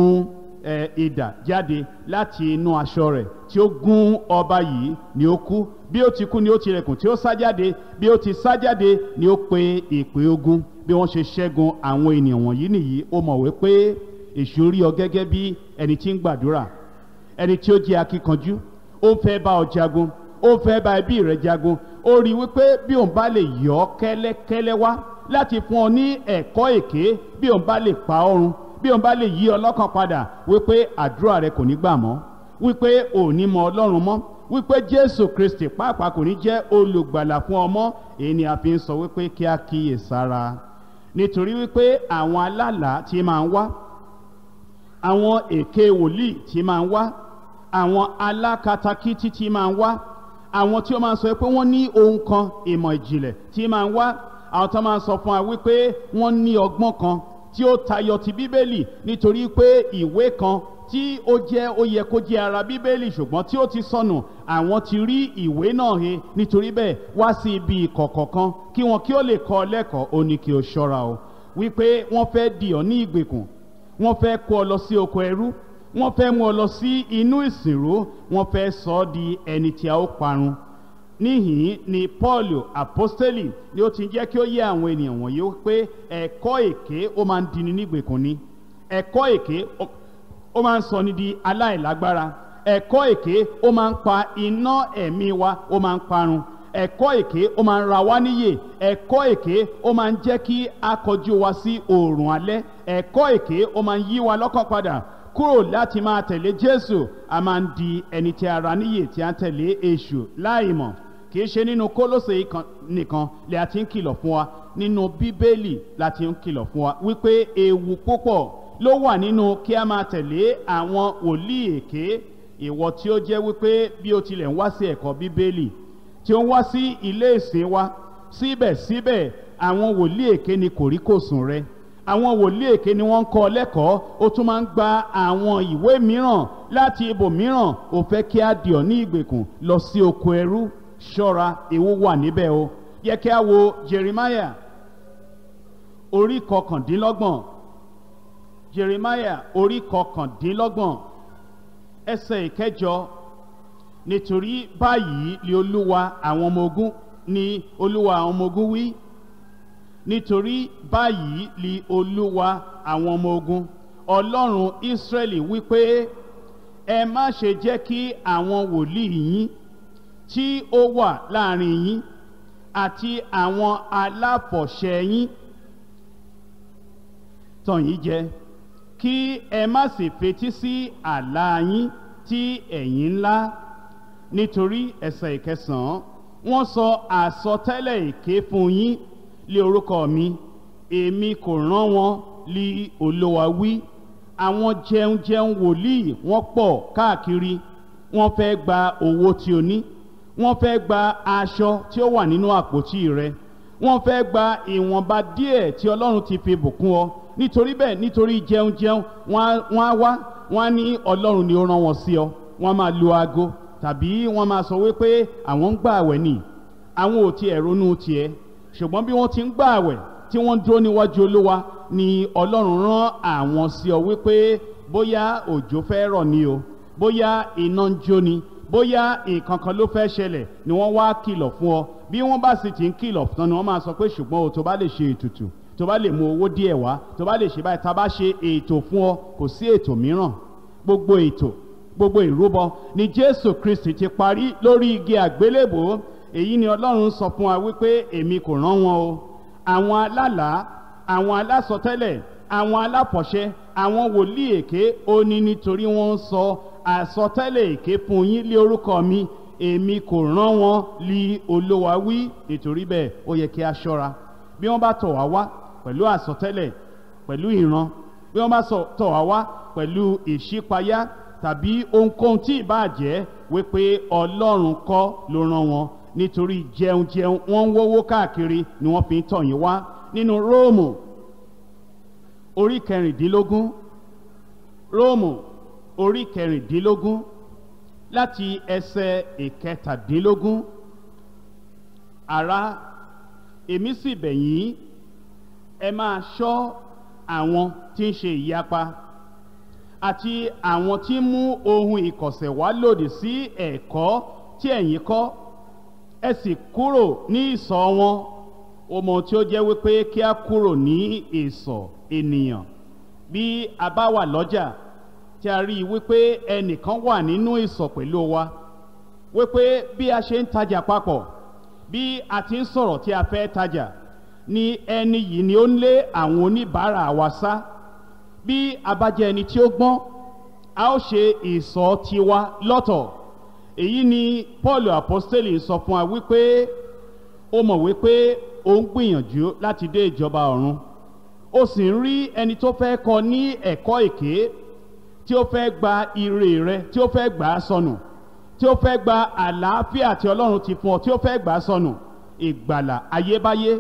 idà jáde láti inú aṣọ rẹ̀ tí ó gún ọba yìí ni ó kú bí ó ti kú ni ó tilẹ̀kùn tí ó sá jáde bí ó ti sá jáde ni ó pe ìpè ogun bí wọ́n ṣe ṣẹ́gun àwọn ènìyàn wọ̀nyí nìyí ó mọ̀ wí pé èṣù rí ọ gẹ́gẹ́ bí ẹni tí ń gbàdúrà ẹni tí ó jẹ́ akíkanjú ó fẹ́ bá ọ jagun ó fẹ́ bá ẹbí rẹ jagun ó rí wípé bí òun bá lè yọ ọ kẹ́lẹ́kẹ́lẹ́ wá láti fún ọ ní ẹ̀kọ́ èké bí òun bá lè pa ọrùn bí òun bá lè yí ọ lọ́kàn padà wípé àdúrà rẹ kò ní gbà mọ́ wípé òní mọ ọlọ́run mọ́ wípé jésù kristi pàápàá kò ní jẹ́ olùgbàlà fún ọmọ èyí ni a fi ń sọ wípé kí a kíyè sára nítorí wípé àwọn alálàá ti máa ń wá àwọn èké wòlíì ti máa ń wá àwọn alákatakítí ti máa ń wá àwọn tí ó máa ń sọ pé wọ́n ní ohun kan ìmọ̀ ìjìnlẹ̀ tí máa ń wá àwọn tó máa ń sọ fún wa wípé wọ́n ní ọgbọ́n kan tí ó tayọ ti bíbélì nítorí pé ìwé kan tí ó jẹ́ ó yẹ kó jẹ́ ara bíbélì ṣùgbọ́n tí ó ti sọnù àwọn ti rí ìwé náà he nítorí bẹ́ẹ̀ wá sí ibi ìkọ̀kọ̀ kan kí wọn kí ó lè kọ́ lẹ́kọ̀ọ́ ó ní kí o ṣọ́ra o wípé wọ́n fẹ́ dì ọ́ ní ìgbèkùn wọ́n fẹ́ kó ọ lọ sí oko ẹrú wọ́n fẹ́ mú ọ lọ sí inú ìsìnrú wọ́n fẹ́ sọ ọ́ di ẹni tí a ó parun níhìn ni paul apostoli ni ó ti jẹ́ kí ó yé àwọn ènìyàn wọ̀nyí pé ẹ̀kọ́ èké ó máa ń dini nígbèkùn ni ẹ̀kọ́ èké ó máa ń sọ ni di aláìlágbára ẹ̀kọ́ èké ó máa ń pa iná ẹ̀mí wa ó máa ń parun ẹ̀kọ́ èké ó máa ń ra wá níyè ẹ̀kọ́ èké ó máa ń jẹ́ kí a kọjú wa sí oòrùn alẹ́ ẹ̀kọ́ èké ó máa ń yí wa lọ́kàn padà kúrò láti máa tẹ̀lé Jésù a máa ń di ẹni tí a ra níyè tí a ń tẹ̀lé èṣù láì mọ̀ kì í ṣe nínú Kólósè nìkan lè a ti ń kìlọ̀ fún wa nínú Bíbélì la ti ń kìlọ̀ fún wa wípé ewu púpọ̀ ló wà nínú kí a máa tẹ̀lé àwọn wòlíì èké ìwọ tí ó jẹ́ wípé bí o tilẹ̀ ń wá sí ẹ̀kọ́ bíbélì tí ó ń wá sí ilé ìsìn wa síbẹ̀síbẹ̀ àwọn wòlíì èké ni kòríkòsùn rẹ àwọn wòlíì èké ni wọ́n ń kọ́ lẹ́kọ̀ọ́ ó tún máa ń gba àwọn ìwé mìíràn láti ibòmíràn ò fẹ́ kí a dì ọ́ ní ìgbèkùn lọ sí oko ẹrú ṣọ́ra ewu wà níbẹ̀ o yẹ kí a wo Jeremiah orí kọkàndínlọ́gbọ̀n jeremiah orí kọkàndínlọ́gbọ̀n ẹsẹ̀ ìkẹjọ nítorí báyìí ni olúwa àwọn ọmọ ogun ni olúwa àwọn ọmọ ogun wí nítorí báyìí ni olúwa àwọn ọmọ ogun ọlọ́run israẹli wípé ẹ má ṣe jẹ́ kí àwọn wòlíì yín tí ó wà láàrin yín àti àwọn aláfọ̀ṣẹ yín tàn yín jẹ kí ẹ má sì fetí sí àlá yín tí ẹ̀yin ńlá nítorí ẹsẹ̀ ìkẹsàn-án wọ́n sọ àsọtẹ́lẹ̀ èké fún yín lé orúkọ mi èmi kò rán wọn lí Olúwa wí àwọn jẹunjẹun wòlíì wọ́n pọ̀ káàkiri wọ́n fẹ́ gba owó tí o ní wọ́n fẹ́ gba aṣọ tí ó wà nínú àpótí rẹ wọ́n fẹ́ gba ìwọ̀nba díẹ̀ tí Ọlọ́run ti fi bùkún ọ nítorí bẹ́ẹ̀ nítorí jẹun jẹun wọ́n á wá wọ́n á ní ọlọ́run ni ó rán wọn sí ọ wọ́n máa lu aago tàbí wọ́n máa sọ wípé àwọn ń gbà àwẹ̀ nì àwọn ò tiẹ̀ ronú tiẹ̀ ṣùgbọ́n bí wọ́n ti ń gbà àwẹ̀ tí wọ́n dúró níwájú olúwa ni ọlọ́run rán àwọn sí ọ wípé bóyá òjò fẹ́ rọ̀ ni o bóyá iná ń jó ni bóyá nǹkan kan ló fẹ́ ṣẹlẹ̀ ni wọ́n wá kìlọ̀ fún ọ bí wọ́n bá sì ti ń kìlọ̀ tán ni wọ́n máa sọ pé ṣùgbọ́n o bá lè ṣe ètùtù tó bá lè mú owó díẹ̀ wá tó bá lè ṣe báyìí tá a bá ṣe ètò fún ọ kò sí ètò mìíràn gbogbo ètò gbogbo ìrúbọ ni Jésù Kristi ti parí lórí igi àgbélébò èyí ni Ọlọ́run sọ fún wa wípé èmi kò rán wọn o àwọn alálàá àwọn alásọtẹ́lẹ̀ àwọn alápọ̀ṣẹ àwọn wòlíì èké ó nítorí wọ́n ń sọ àsọtẹ́lẹ̀ èké fún yín lé orúkọ mi èmi kò rán wọn lí Olúwa wí nítorí bẹ́ẹ̀ ó yẹ kí a ṣọ́ra bí wọ́n bá tọ̀ wá wá pẹ̀lú àsọtẹ́lẹ̀ pẹ̀lú ìran bí wọ́n bá tọ̀ wá wá pẹ̀lú ìṣípayá tàbí ohunkóhun tí ìbáà jẹ́ wípé ọlọ́run kọ́ ló rán wọn nítorí jẹun jẹun wọ́n ń wówó káàkiri ni wọ́n fi ń tọ̀ yín wá nínú róòmù orí kẹrìndínlógún róòmù orí kẹrìndínlógún láti ẹsẹ̀ ìkẹtàdínlógún ará èmi sì bẹ̀ ẹ máa ṣọ́ àwọn tí ń ṣe ìyapa àti àwọn tí ń mú ohun ìkọ̀sẹ̀ wá lòdì sí ẹ̀kọ́ tí ẹ̀yin kọ́ ẹ sì kúrò ní ìsọ̀ wọn ó mọ tí ó jẹ́ wípé kí a kúrò ní ìsọ̀ ènìyàn bí a bá wà lọ́jà tí a rí i wípé ẹnìkan wà nínú ìsọ̀ pẹ̀lú wa wípé bí a ṣe ń tajà papọ̀ bí a ti ń sọ̀rọ̀ tí a fẹ́ tajà ni ẹni yìí ni ó ń lé àwọn oníbàárà wa sá bí a bá jẹ́ ẹni tí ó gbọ́n a ó ṣe ìsọ tiwa lọ́tọ̀ èyí ni Paul apostoli sọ fún wa wípé ó mọ̀ wípé ó ń gbìyànjú láti dé ìjọba ọ̀run ó sì ń rí ẹni tó fẹ́ kọ́ ní ẹ̀kọ́ èké tí ó fẹ́ gba ire rẹ tí ó fẹ́ gbà á sọnù tí ó fẹ́ gba àlàáfíà tí Ọlọ́run ti fún ọ tí ó fẹ́ gbà á sọnù ìgbàlà ayébáyé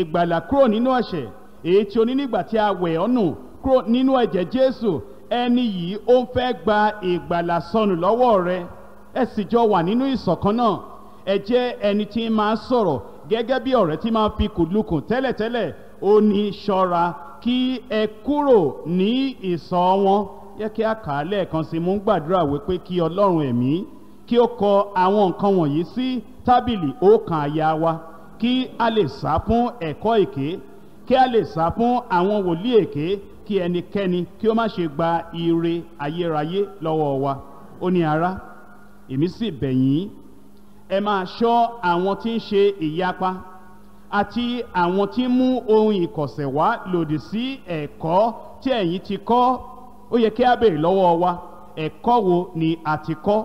ìgbàlà kúrò nínú ẹ̀ṣẹ̀ èyí tí o ní nígbà tí a wẹ̀ ọ́ nù kúrò nínú ẹ̀jẹ̀ Jésù ẹni yìí ó ń fẹ́ gba ìgbàlà sọnù lọ́wọ́ rẹ ẹ sì jọ wà nínú ìṣọ̀kan náà ẹ jẹ́ ẹni tí máa sọ̀rọ̀ gẹ́gẹ́ bí ọ̀rẹ́ tí máa fi kùdùkùn tẹ́lẹ̀tẹ́lẹ̀ ó ní ṣọ́ra kí ẹ kúrò ní ìsọ̀ wọn yẹ kí a kà á lẹ́ẹ̀kan sí mú gbàdúrà wípé kí Ọlọ́run ẹ̀mí kí ó kọ àwọn nǹkan wọ̀nyí sí tábìlì ọkàn àyà wa kí a lè sá fún ẹ̀kọ́ èké kí a lè sá fún àwọn wòlíì èké kí ẹnikẹ́ni kí ó má ṣe gba ire ayérayé lọ́wọ́ wa ó ní ará èmi sì bẹ̀ yín ẹ máa ṣọ́ àwọn tí ń ṣe ìyapa àti àwọn tí ń mú ohun ìkọ̀sẹ̀ wá lòdì sí ẹ̀kọ́ tí ẹ̀yin ti kọ́ ó yẹ kí a béèrè lọ́wọ́ wa ẹ̀kọ́ wo ni a ti kọ́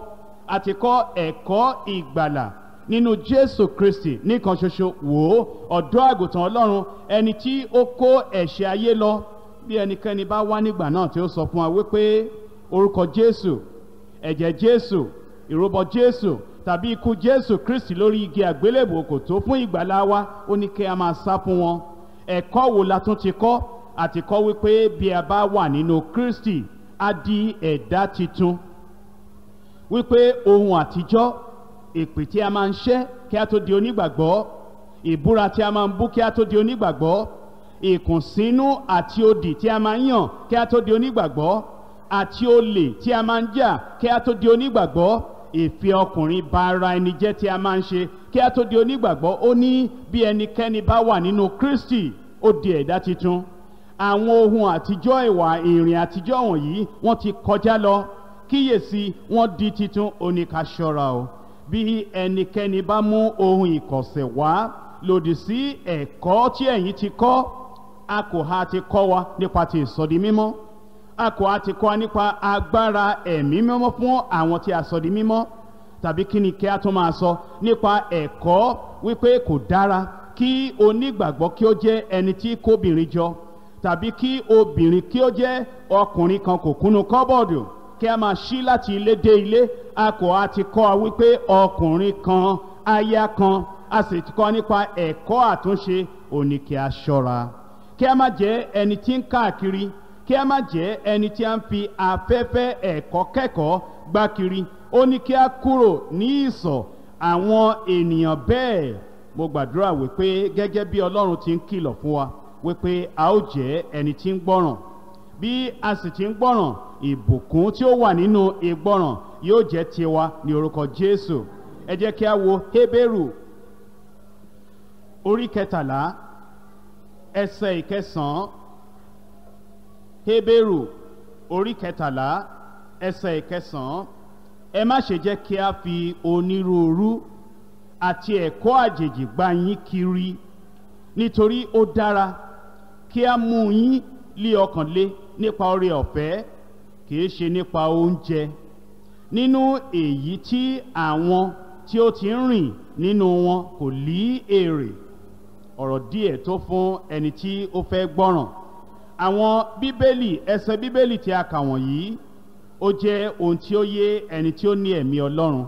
a ti kọ́ ẹ̀kọ́ ìgbàlà nínú jésù kristi nìkan ṣoṣo wò ó ọ̀dọ́ àgùntàn ọlọ́run ẹni tí ó kó ẹ̀ṣẹ̀ ayé lọ bí ẹnikẹ́ni bá wá nígbà náà tí ó sọ fún wa wípé orúkọ jésù ẹ̀jẹ̀ jésù ìrúbọ jésù tàbí ikú jésù kristi lórí igi àgbélébùú kò tó fún ìgbàlá wa ó ní kí a máa sá fún wọn ẹ̀kọ́ wo la tún ti kọ́ àti kọ́ wípé bí a bá wà nínú kristi a di ẹ̀dá tuntun wípé ohun àtijọ́ èpè tí a máa ń ṣẹ́ kí a tó di onígbàgbọ́ ìbúra tí a máa ń bú kí a tó di onígbàgbọ́ ìkùnsínú àti odì tí a máa ń yàn kí a tó di onígbàgbọ́ àti olè tí a máa ń jà kí a tó di onígbàgbọ́ ìfẹ́ ọkùnrin ba ara ẹni jẹ́ tí a máa ń ṣe kí a tó di onígbàgbọ́ ó ní bí ẹnikẹ́ni bá wà nínú Kristi ó di ẹ̀dá tuntun àwọn ohun àtijọ́ ìwà ìrìn àtijọ́ wọ̀nyí wọ́n ti kọjá lọ kíyèsí wọ́n di tuntun ó o bí ẹnikẹ́ni bá mú ohun ìkọ̀sẹ̀ wá lòdì sí ẹ̀kọ́ tí ẹ̀yin ti kọ́ a kò ha ti kọ́ wa nípa ti ìsọdi mímọ́ a kò ha ti kọ́ wa nípa agbára ẹ̀mí mímọ́ fún àwọn tí a sọdi mímọ́ tàbí kí ni kí a tún máa sọ nípa ẹ̀kọ́ wípé kò dára kí onígbàgbọ́ kí ó jẹ́ ẹni tí kóbìnrin jọ tàbí kí obìnrin kí ó jẹ́ ọkùnrin kan kò kúnnu kọ́bọ̀dù kí a máa ṣí láti ilé dé ilé a kò a ti kọ́ wípé ọkùnrin kan aya kan a sì ti kọ́ nípa ẹ̀kọ́ àtúnṣe òní kí a ṣọ́ra kí a má jẹ́ ẹni tí ń káàkiri kí a má jẹ́ ẹni tí a ń fi afẹ́fẹ́ ẹ̀kọ́ kẹ́kọ̀ọ́ gbá kiri ó ní kí a kúrò ní ìsọ̀ àwọn ènìyàn bẹ́ẹ̀ mo gbàdúrà wípé gẹ́gẹ́ bí ọlọ́run ti ń kìlọ̀ fún wa wípé a ó jẹ́ ẹni tí ń gbọ́ràn bí a sì ti ń gbọ́ràn ìbùkún tí ó wà nínú ìgbọràn yóò jẹ́ tiwa ní orúkọ Jésù ẹ jẹ́ kí a wo Hebrew orí kẹtàlá ẹsẹ̀ ìkẹsàn Hebrew Hébérù orí kẹtàlá ẹsẹ̀ ìkẹsàn-án ẹ má ṣe jẹ́ kí a fi onírúurú àti ẹ̀kọ́ àjèjì gbá yín kiri nítorí ó dára kí a mú yín lé ọkàn lé nípa oore ọ̀fẹ́ kìí ṣe nípa oúnjẹ nínú èyí tí àwọn tí ó ti ń rìn nínú wọn kò lí èrè ọ̀rọ̀ díẹ̀ tó fún ẹni tí ó fẹ́ gbọ́ràn àwọn bíbélì ẹsẹ bíbélì tí a kà wọ̀nyí ó jẹ́ ohun tí ó yé ẹni tí ó ní ẹ̀mí ọlọ́run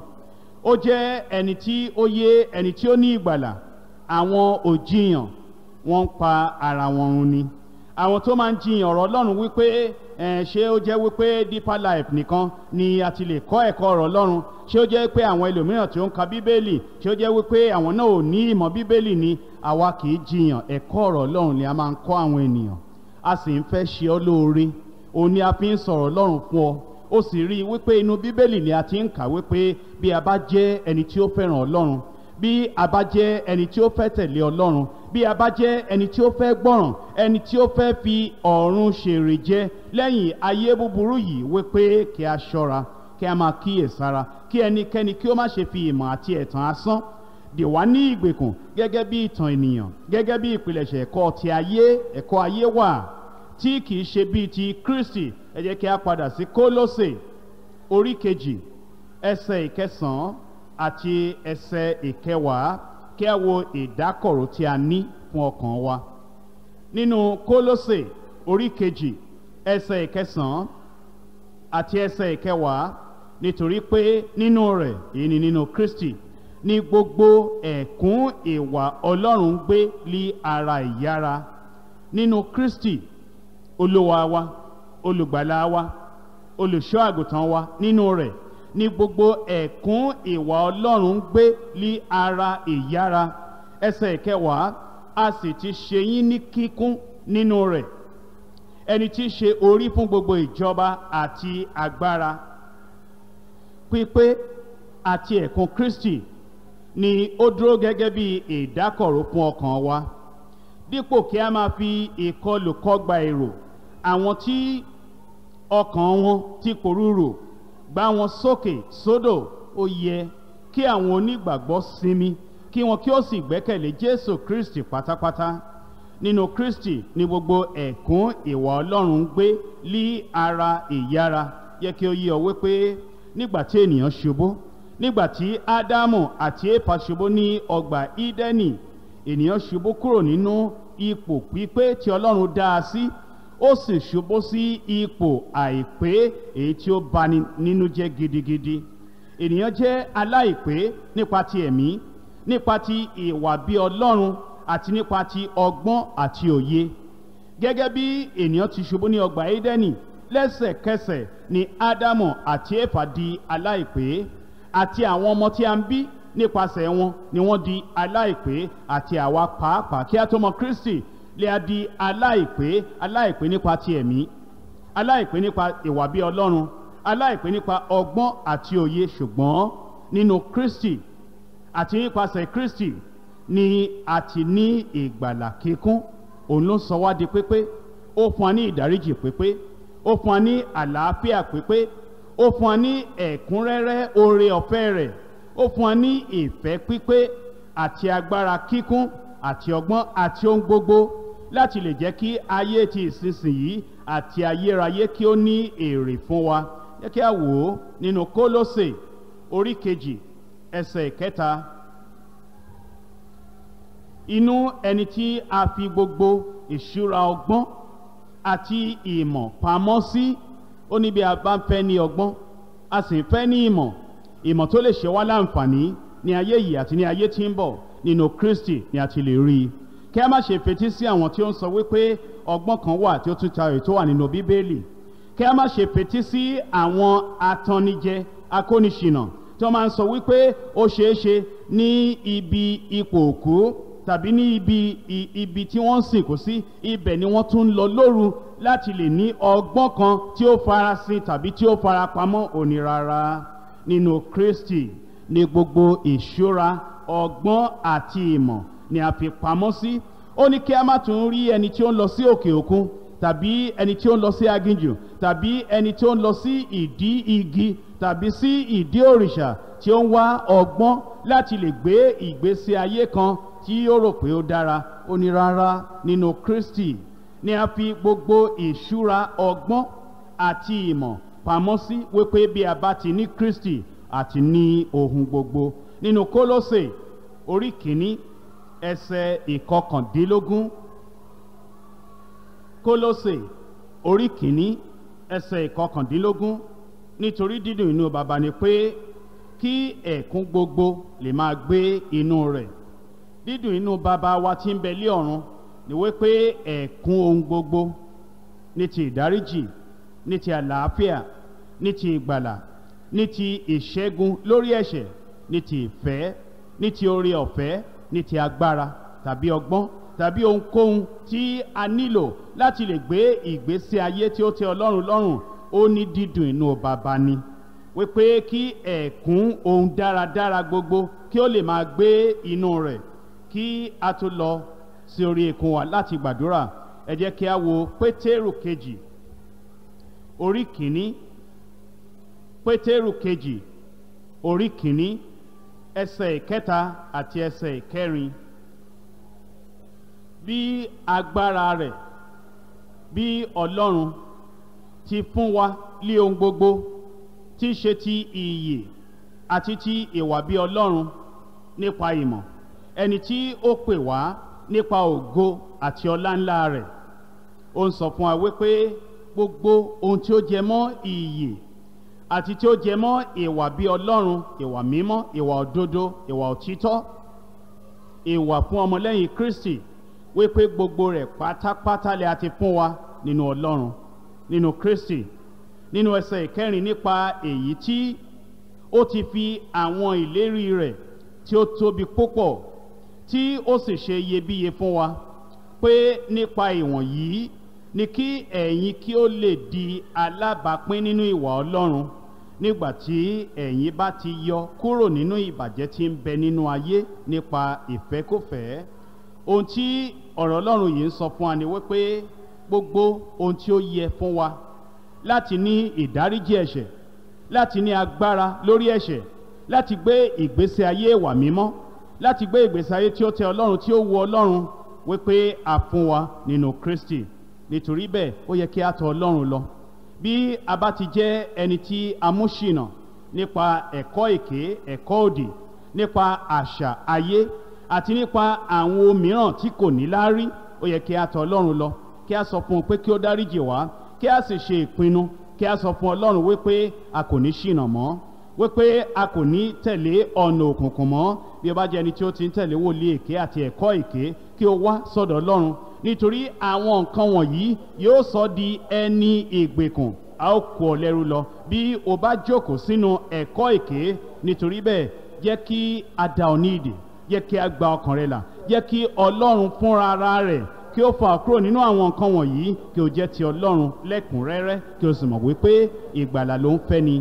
ó jẹ́ ẹni tí ó yé ẹni tí ó ní ìgbàlà àwọn òjìyàn wọ́n ń pa ara wọn run ni àwọn tó máa ń jiyàn ọ̀rọ̀ ọlọ́run wípé ṣé ó jẹ́ wípé deeper life nìkan ni a ti lè kọ́ ẹ̀kọ́ ọ̀rọ̀ ọlọ́run ṣé ó jẹ́ pé àwọn ẹlòmíràn tí ó ń ka bíbélì ṣé ó jẹ́ wípé àwọn náà ò ní ìmọ̀ bíbélì ni àwa kì í jiyàn ẹ̀kọ́ ọ̀rọ̀ ọlọ́run ni a máa ń kọ́ àwọn ènìyàn a sì ń fẹ́ ṣe ọ́ lóore òun ni a fi ń sọ̀rọ̀ ọlọ́run fún ọ ó sì rí i wípé inú bíbélì ni a ti ń kà wípé bí a bá jẹ́ ẹni tí ó fẹ́ràn ọlọ́run bí a bá jẹ́ ẹni tí ó fẹ́ tẹ̀lé ọlọ́run bí a bá jẹ́ ẹni tí ó fẹ́ gbọ́ràn ẹni tí ó fẹ́ fi ọ̀run ṣèrè jẹ lẹ́yìn ayé búburú yìí wípé kí a ṣọ́ra kí a máa kíyèsára kí ẹnikẹ́ni kí ó má ṣe fi ìmọ̀ àti ẹ̀tàn asán dè wá ní ìgbèkùn gẹ́gẹ́ bí ìtàn ènìyàn gẹ́gẹ́ bí ìpilẹ̀ṣẹ̀ ẹ̀kọ́ ti ayé ẹ̀kọ́ ayé wà tí kì í ṣe bíi ti Kristi ẹ kí a padà sí Kólósè orí kejì ẹsẹ̀ ìkẹsàn-án àti ẹsẹ̀ ìkẹwàá kí a wo ìdákọ̀ró tí a ní fún ọkàn wa nínú kólósè orí kejì ẹsẹ̀ ìkẹsàn-án àti ẹsẹ̀ ìkẹwàá nítorí pé nínú rẹ̀ èyí ni nínú Kristi ni gbogbo ẹ̀kún ìwà Ọlọ́run gbé lé ara ìyára nínú Kristi olúwa wa olùgbàlà wa olùṣọ́ àgùntàn wa nínú rẹ̀ ni gbogbo ẹ̀kún ìwà ọlọ́run ń gbé lé ara ìyára ẹsẹ̀ ìkẹwàá a sì ti ṣe yín ní kíkún nínú rẹ̀ ẹni tí í ṣe orí fún gbogbo ìjọba àti agbára pípé àti ẹ̀kún Kristi ni ó dúró gẹ́gẹ́ bí ìdákọ̀ró fún ọkàn wa dípò kí a máa fi ìkọlù kọgbà èrò àwọn tí ọkàn wọn ti pòrúurò gbá wọn sókè sódò ó yẹ kí àwọn onígbàgbọ́ sinmi kí wọn kí ó sì gbẹ́kẹ̀lé Jésù Kristi pátápátá nínú Kristi ni gbogbo ẹ̀kún ìwà Ọlọ́run gbé lí ara ìyára yẹ kí ó yé ọ wípé nígbà tí ènìyàn ṣubú nígbà tí Ádámù àti Éfà ṣubú ní ọgbà Ídẹ́nì ènìyàn ṣubú kúrò nínú ipò pípé tí Ọlọ́run dá a sí. Si ó sì ṣubú sí ipò àìpé èyí tí ó bani nínú jẹ́ gidigidi ènìyàn jẹ́ aláìpé nípa ti ẹ̀mí nípa ti ìwà bí ọlọ́run àti nípa ti ọgbọ́n àti òye gẹ́gẹ́ bí ènìyàn ti ṣubú ní ọgbà édẹ́nì lẹ́sẹ̀kẹsẹ̀ ni ádámù àti éfà di aláìpé àti àwọn ọmọ tí a ń bí nípasẹ̀ wọn ni wọ́n di aláìpé àti àwa pàápàá kí a tó mọ kristi lè a di aláìpé aláìpé nípa ti ẹ̀mí aláìpé nípa ìwà bí ọlọ́run aláìpé nípa ọgbọ́n àti òye ṣùgbọ́n nínú Kristi àti nípasẹ̀ Kristi ni a ti ní ìgbàlà kíkún òun ló sọ wá di pépé ó fún wa ní ìdáríjì pépé ó fún wa ní àlàáfíà pépé ó fún wa ní ẹ̀kúnrẹ́rẹ́ oore ọ̀fẹ́ rẹ̀ ó fún wa ní ìfẹ́ pípé àti agbára kíkún àti ọgbọ́n àti ohun gbogbo láti lè jẹ́ kí ayé ti ìsinsìnyí àti ayérayé kí ó ní èrè fún wa jẹ́ kí a wò ó nínú kólósè orí kejì ẹsẹ̀ ìkẹta inú ẹni tí a fi gbogbo ìṣúra ọgbọ́n àti ìmọ̀ pamọ́ sí ó ní bí ní ọgbọ́n a sì ń fẹ́ ní ìmọ̀ ìmọ̀ tó lè ṣe wá láǹfààní ní ayé yìí àti ní ayé tí ń bọ̀ nínú Kristi ni a ti lè rí i kí a má ṣe fetí sí àwọn tí ó ń sọ wípé ọgbọ́n kan wà tí ó tún tayọ tó wà nínú bíbélì kí a má ṣe fetí sí àwọn atannijẹ akóniṣìnà tí wọ́n máa ń sọ wípé ó ṣeé ṣe ní ibi ipò òkú tàbí ní ibi ibi tí wọ́n ń sìnkú sí ibẹ̀ ni wọ́n tún ń lọ lóru láti lè ní ọgbọ́n kan tí ó farasin tàbí tí ó farapamọ́ òní nínú Kristi ní gbogbo ìṣúra ọgbọ́n àti ìmọ̀ ni a fi pamọ́ sí ó ní kí a má tún rí ẹni tí ó ń lọ sí òkè òkun tàbí ẹni tí ó ń lọ sí aginjù tàbí ẹni tí ó ń lọ sí ìdí igi tàbí sí ìdí òrìṣà tí ó ń wá ọgbọ́n láti lè gbé ìgbésí ayé kan tí ó rò pé ó dára ó ní rárá nínú Kristi ni a fi gbogbo ìṣúra ọgbọ́n àti ìmọ̀ pamọ́ sí wípé bí a bá ti ní Kristi àti ní ohun gbogbo nínú Kólósè orí kìíní ẹsẹ̀ ìkọkàndínlógún kólósè orí kìíní ẹsẹ̀ ìkọkàndínlógún nítorí dídùn inú bàbá ni pé kí ẹ̀kún gbogbo lè máa gbé inú rẹ̀ dídùn inú bàbá wa tí ń bẹ lé ọ̀run ni wípé ẹ̀kún ohun gbogbo ní ti ìdáríjì ní ti àlàáfíà ní ti ìgbàlà ní ti ìṣẹ́gun lórí ẹ̀ṣẹ̀ ní ti ìfẹ́ ní ti oore ọ̀fẹ́ ní ti agbára tàbí ọgbọ́n tàbí ohunkóhun tí a nílò láti lè gbé ìgbésí ayé tí ó tẹ ọlọ́run lọ́rùn ó ní dídùn inú bàbá ni wípé kí ẹ̀kún ohun dáradára gbogbo kí ó lè máa gbé inú rẹ̀ kí a tó lọ sí orí ikùn wa láti gbàdúrà ẹ jẹ́ kí a wo pétérù kejì orí kìíní pétérù kejì orí kìíní ẹsẹ̀ ìkẹta àti ẹsẹ̀ ìkẹrin bí agbára rẹ̀ bí ọlọ́run ti fún wa lé ohun gbogbo tí í ṣe ti ìyè àti ti ìwà bí ọlọ́run nípa ìmọ̀ ẹni tí ó pè wá nípa ògo àti ọlá ńlá rẹ̀ ó ń sọ fún wa wípé gbogbo ohun tí ó jẹ mọ́ ìyè àti tí ó jẹ mọ́ ìwà bí ọlọ́run ìwà mímọ́ ìwà òdodo ìwà òtítọ́ ìwà fún ọmọlẹ́yìn Kristi wípé gbogbo rẹ̀ pátápátá lè àti fún wa nínú ọlọ́run nínú Kristi nínú ẹsẹ̀ ìkẹrin nípa èyí tí ó ti fi àwọn ìlérí rẹ̀ tí ó tóbi púpọ̀ tí ó sì ṣe iyebíye fún wa pé nípa ìwọ̀nyí ni kí ẹ̀yin kí ó lè di alábàápín nínú ìwà ọlọ́run nígbà tí ẹ̀yin bá ti yọ kúrò nínú ìbàjẹ́ tí ń bẹ nínú ayé nípa ìfẹ́kọ̀fẹ́ ohun tí ọ̀rọ̀ ọlọ́run yìí ń sọ fún wa ni wípé gbogbo ohun tí ó yẹ fún wa láti ní ìdáríjì ẹ̀ṣẹ̀ láti ní agbára lórí ẹ̀ṣẹ̀ láti gbé ìgbésí ayé ìwà mímọ́ láti gbé ìgbésí ayé tí ó tẹ ọlọ́run tí ó wu ọlọ́run wípé a fún wa nínú Kristi nítorí bẹ́ẹ̀ ó yẹ kí a tọ̀ ọlọ́run lọ bí a bá ti jẹ́ ẹni tí a mú ṣìnà nípa ẹ̀kọ́ èké ẹ̀kọ́ òdì nípa àṣà ayé àti nípa àwọn mìíràn tí kò ní láárí ó yẹ kí a tọ̀ ọlọ́run lọ kí a sọ fún un pé kí ó dáríjì wá kí a sì ṣe ìpinnu kí a sọ fún ọlọ́run wípé a kò ní ṣìnà mọ́ wípé a kò ní tẹ̀lé ọ̀nà òkùnkùn mọ́ bí o bá jẹ́ ẹni tí ó ti ń tẹ̀lé wòlíì èké àti ẹ̀kọ́ èké kí o wá sọ́dọ̀ ọlọ́run nítorí àwọn nǹkan wọ̀nyí yóò sọ di ẹni ìgbèkùn a ó kó ọ lẹ́rú lọ bí o bá jókòó sínú ẹ̀kọ́ èké nítorí bẹ́ẹ̀ jẹ́ kí a dá ọ ní ìdè jẹ́ kí a gba ọkàn rẹ là jẹ́ kí ọlọ́run fúnra ara rẹ̀ kí ó fà kúrò nínú àwọn nǹkan wọ̀nyí kí o jẹ́ ti ọlọ́run lẹ́kùnrẹ́rẹ́ kí o sì mọ̀ wípé ìgbàlà ló ń fẹ́ ni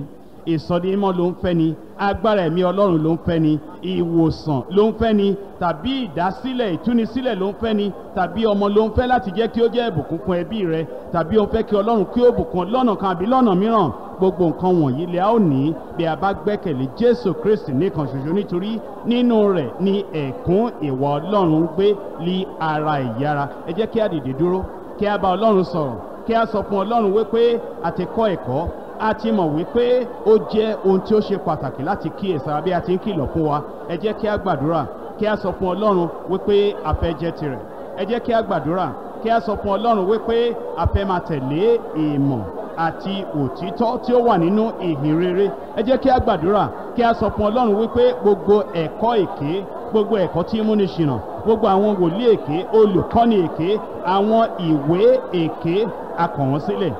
ìsọdímọ́ ló ń fẹ́ ni agbára ẹ̀mí ọlọ́run ló ń fẹ́ ni ìwòsàn ló ń fẹ́ ni tàbí ìdásílẹ̀ ìtúnisílẹ̀ ló ń fẹ́ ni tàbí ọmọ ló ń fẹ́ láti jẹ́ kí ó jẹ́ ìbùkún fún ẹbí rẹ tàbí ó ń fẹ́ kí ọlọ́run kí ó bùkún lọ́nà kan àbí lọ́nà mìíràn gbogbo nǹkan wọ̀nyí lè a ó ní bí a bá gbẹ́kẹ̀lé jésù kristi nìkan ṣoṣo nítorí nínú rẹ̀ ni ẹ̀kún ìwà ọlọ́run gbé lí ara ìyára ẹ jẹ́ kí a dìde dúró kí a bá ọlọ́run sọ̀rọ̀ kí a sọ fún ọlọ́run wípé a ti kọ́ ẹ̀kọ́ a ti mọ̀ wípé ó jẹ́ ohun tí ó ṣe pàtàkì láti kíyèsára bí a ti ń kìlọ̀ fún wa ẹ jẹ́ kí a gbàdúrà kí a sọ fún ọlọ́run wípé a fẹ́ jẹ́ tirẹ̀ ẹ jẹ́ kí a gbàdúrà kí a sọ fún ọlọ́run wípé a fẹ́ máa tẹ̀lé ìmọ̀ àti òtítọ́ tí ó wà nínú ìhìn rere ẹ jẹ́ kí a gbàdúrà kí a sọ fún ọlọ́run wípé gbogbo ẹ̀kọ́ èké gbogbo ẹ̀kọ́ tí ń múni ṣìnà gbogbo àwọn wòlíì èké olùkọ́ni èké àwọn ìwé èké a kọ̀ wọ́n sílẹ̀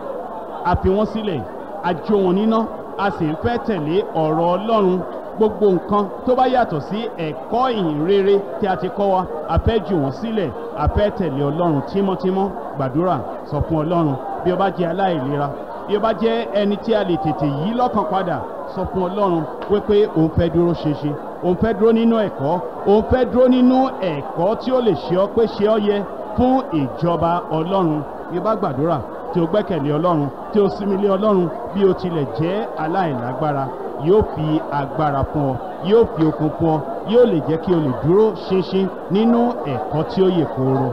a fi wọ́n sílẹ̀ a jó wọn níná a sì ń fẹ́ tẹ̀lé ọ̀rọ̀ Ọlọ́run gbogbo nǹkan tó bá yàtọ̀ sí ẹ̀kọ́ ìhìnrere tí a ti kọ́ wa a fẹ́ jù wọ́n sílẹ̀ a fẹ́ tẹ̀lé Ọlọ́run tímọ́tímọ́ gbàdúrà sọ fún Ọlọ́run bí o bá jẹ́ aláìlera bí o bá jẹ́ ẹni tí a lè tètè yí lọ́kàn padà sọ fún Ọlọ́run wípé òun fẹ́ dúró ṣinṣin òun fẹ́ dúró nínú ẹ̀kọ́ òun fẹ́ dúró nínú ẹ̀kọ́ tí ó lè ṣe ọ pé ṣe ọ yẹ fún ìjọba ọlọ́run bí o bá gbàdúrà tí o gbẹ́kẹ̀lé ọlọ́run tí o sinmi lé ọlọ́run bí o tilẹ̀ jẹ́ aláìlágbára yóò fi agbára fún ọ yóò fi okun fún ọ yóò lè jẹ́ kí o lè dúró ṣinṣin nínú ẹ̀kọ́ tí ó yè kooro.